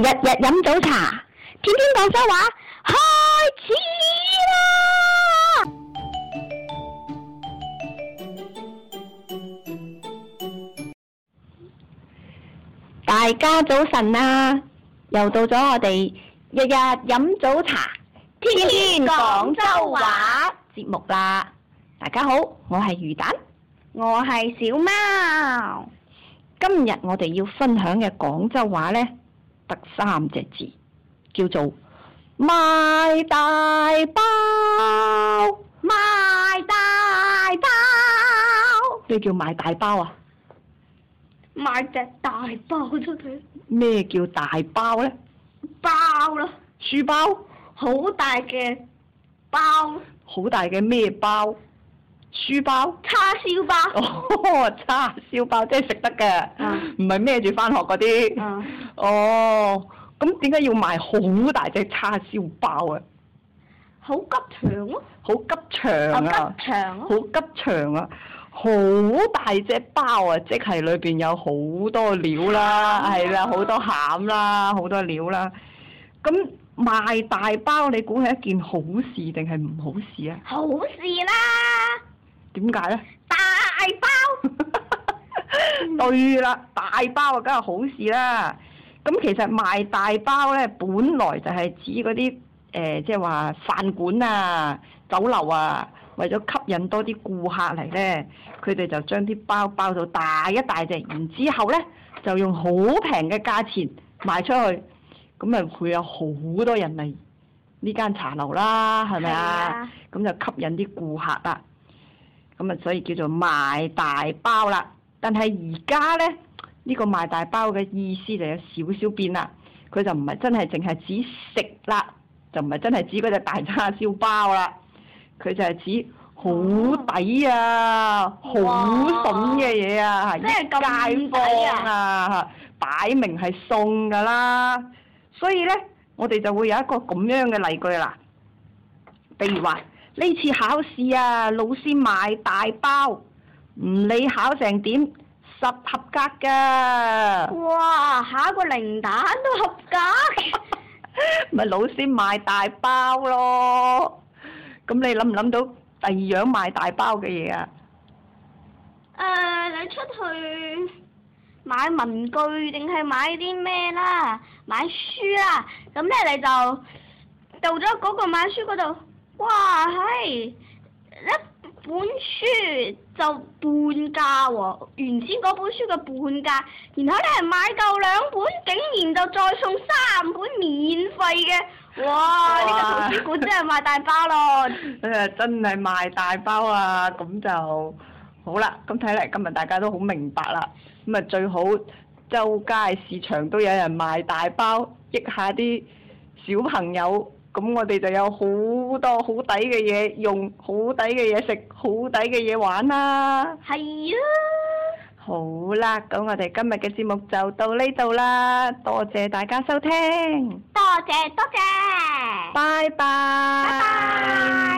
日日飲早茶，天天廣州話，開始啦！大家早晨啊，又到咗我哋日日飲早茶，天天廣州話節目啦！大家好，我係魚蛋，我係小貓。今日我哋要分享嘅廣州話呢。得三隻字，叫做賣大包，賣大包。咩叫賣大包啊？賣隻大包出去，咩叫大包咧？包咯了。書包？好大嘅包。好大嘅咩包？書包？叉燒包。哦，叉燒包即係食得嘅，唔係孭住翻學嗰啲。嗯、哦，咁點解要賣好大隻叉燒包啊？好吉祥咯、啊！哦急啊、好吉祥啊！好吉祥啊！好大隻包啊，即係裏邊有好多料啦、啊，係啦，好多餡啦、啊，好多料啦、啊。咁賣大包，你估係一件好事定係唔好事啊？好事啦！點解咧？大包， 對啦，大包啊，梗係好事啦。咁其實賣大包咧，本來就係指嗰啲誒，即係話飯館啊、酒樓啊，為咗吸引多啲顧客嚟咧，佢哋就將啲包包到大一大隻，然之後咧就用好平嘅價錢賣出去，咁咪會有好多人嚟呢間茶樓啦，係咪是啊？咁就吸引啲顧客啦！咁啊，所以叫做賣大包啦。但係而家咧，呢、呢個賣大包嘅意思就有少少變啦。佢就唔係真係淨係指食啦，就唔係真係指嗰隻大叉燒包啦。佢就係指好抵啊、好筍嘅嘢啊，係街坊啊，嚇、啊，啊、擺明係送噶啦。所以咧，我哋就會有一個咁樣嘅例句啦。譬如話。呢次考試啊，老師賣大包，唔理考成點，十合格噶。哇！下個零蛋都合格。咪 老師賣大包咯，咁你諗唔諗到第二樣賣大包嘅嘢啊？誒、呃，你出去買文具定係買啲咩啦？買書啦、啊，咁咧你就到咗嗰個買書嗰度，哇！Hey, 一本書就半價喎，哦，原先嗰本書嘅半價，然後你係買夠兩本，竟然就再送三本免費嘅，哇！呢哇個圖書館真係賣大包咯、 哎。真係賣大包啊！咁就好啦，咁睇嚟今日大家都好明白啦。咁啊，最好周街市場都有人賣大包，益下啲小朋友。咁我哋就有好多好抵嘅嘢用，好抵嘅嘢食，好抵嘅嘢玩啦。係啊。呀好啦，咁我哋今日嘅節目就到呢度啦，多謝大家收聽。多謝多謝。拜拜。Bye bye bye bye